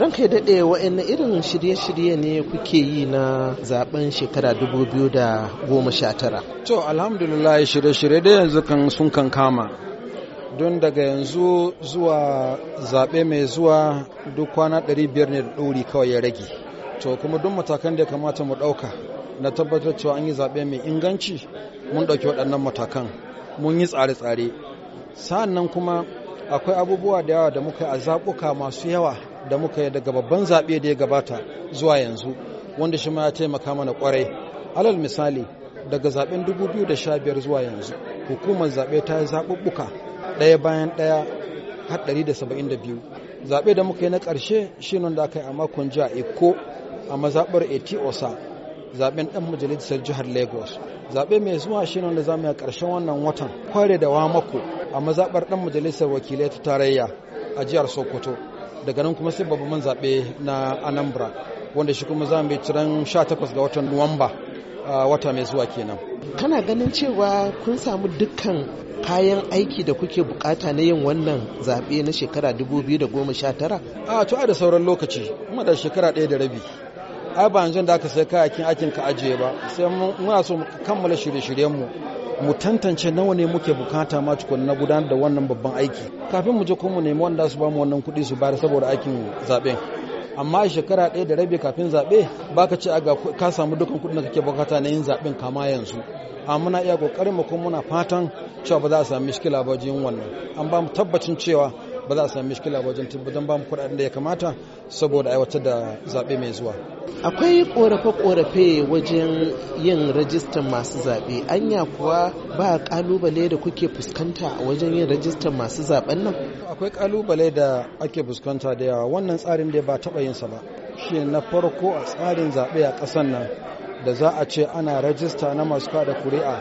ranka ya daɗe wa'in irin shirye-shirye ne kuke yi na zaben shekara 2019 to alhamdulillah shirye-shirye da yanzu kan sun kan kama don daga yanzu zuwa zaɓe mai zuwa duk kwana 500 ne da ɗori kawai ya rage to kuma duk matakan da ya kamata mu ɗauka na tabbatar cewa an yi zaɓe mai inganci mun ɗauki waɗannan matakan mun yi tsare-tsare sa'an kuma akwai abubuwa da yawa da muka a zaɓuka masu yawa da muka yi daga babban zaɓe da ya gabata zuwa yanzu wanda shi ma ya taimaka mana kwarai alal misali daga zaɓen 2015 zuwa yanzu hukumar zaɓe ta yi zaɓuɓɓuka ɗaya bayan ɗaya har 172 zaɓe da muka yi na ƙarshe shi da aka yi a makon jiya eko a mazaɓar eti osa zaɓen ɗan majalisar jihar lagos zaɓe mai zuwa shine wanda za mu yi a ƙarshen wannan watan kware da wamako a mazaɓar ɗan majalisar wakilai ta tarayya a jihar sokoto daga nan kuma sai babban zaɓe na anambra wanda shi kuma za mu yi ciran 18 ga watan nuwamba a wata mai zuwa kenan kana ganin cewa kun samu dukkan kayan aiki da kuke bukata na yin wannan zaɓe na shekara 2019 a to a da sauran lokaci kuma da shekara ɗaya da rabi ai ba yanzu da aka sai kayakin aikin ka ajiye ba sai muna so mu kammala shirye-shiryenmu mu tantance nawa ne muke bukata ma tukun na gudanar da wannan babban aiki kafin mu je ko mu nemi wanda su ba mu wannan kuɗi su bayar saboda aikin zaben amma shekara ɗaya da rabi kafin zaɓe baka ce ga ka samu dukkan kuɗin da kake bukata na yin zaɓen kama yanzu amma muna iya ƙoƙarin mu kuma muna fatan cewa ba za a sami mishkila ba wajen wannan an ba mu tabbacin cewa ba za a sami mishkila ba wajen tabbatar ba mu kuɗaɗen da ya kamata saboda aiwatar da zaɓe mai zuwa akwai ƙorafe-ƙorafe wajen yin rajistan masu zaɓe anya kuwa ba ƙalubale da kuke fuskanta wajen yin rajistan masu zaɓen nan akwai ƙalubale da ake fuskanta da yawa wannan tsarin da ba taɓa yinsa ba shi na farko a tsarin zaɓe a ƙasar nan da za a ce ana rajista na masu kada kuri'a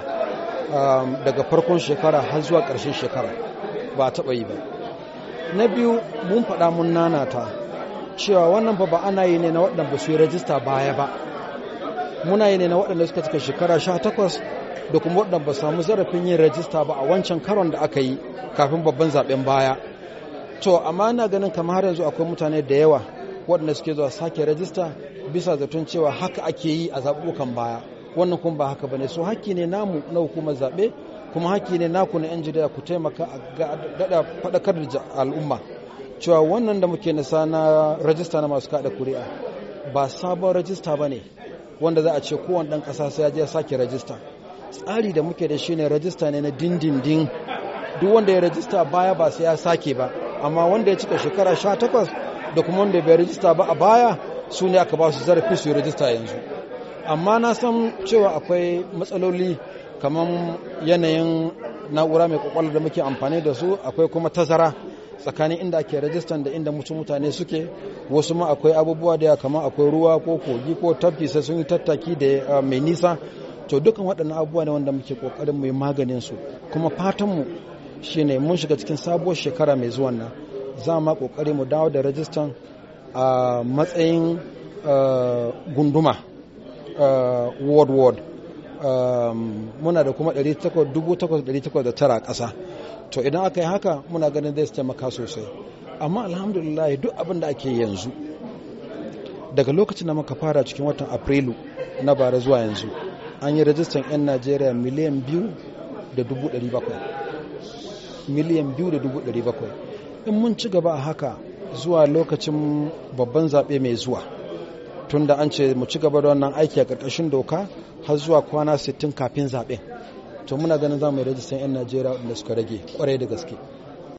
um, daga farkon shekara har zuwa ƙarshen shekara ba taɓa yi ba na biyu mun faɗa mun nanata cewa wannan ba ana yi ne na waɗanda ba su yi rajista baya ba muna yi ne na waɗanda suka cika shekara sha takwas da kuma waɗanda ba samu zarafin yin rajista ba a wancan karon da aka yi kafin babban zaɓen baya to amma ana ganin kamar har yanzu akwai mutane da yawa waɗanda suke zuwa sake rajista bisa zaton cewa haka ake yi a zaɓuɓɓukan baya wannan kuma ba haka bane so haƙƙi ne namu na hukumar zaɓe kuma hakki ne naku na 'yan jarida ku taimaka a daɗa faɗakar da al'umma cewa wannan da muke nisa na rajista na masu kaɗa kuri'a ba sabon rajista ba ne wanda za a ce kowane ɗan ƙasa sai ya je sake rajista tsari da muke da shi ne rajista ne na dindindin duk wanda ya rajista baya ba sai ya sake ba amma wanda ya cika shekara sha takwas da kuma wanda bai rajista ba a baya su ne aka ba su zarafi su yi rajista yanzu amma na san cewa akwai matsaloli kamar yanayin na'ura mai kwakwalwa da muke amfani da su akwai kuma tazara tsakanin inda ake rajistan da inda mutum mutane suke wasu ma akwai abubuwa da kamar akwai ruwa ko kogi ko tafi sai sun yi tattaki da ah, mai nisa to dukkan waɗannan abubuwa ne wanda muke kokarin mu yi maganin su kuma fatan mu shine mun shiga cikin sabuwar shekara mai zuwan nan za ma kokari mu dawo da rajistan a matsayin ah, gunduma Uh, world world um, muna da kuma a ƙasa to idan aka yi haka muna ganin zai taimaka sosai amma alhamdulillah duk abin da ake yanzu daga lokacin da muka fara cikin watan afrilu na bara zuwa yanzu an yi rajistan 'yan najeriya miliyan biyu miliyan biyu in mun ci gaba a haka zuwa lokacin babban zaɓe mai zuwa tun da an ce mu ci gaba da wannan aiki a ƙarƙashin doka har zuwa kwana 60 kafin zaɓen to muna ganin za mu yi rajistan 'yan najeriya wanda suka rage kwarai da gaske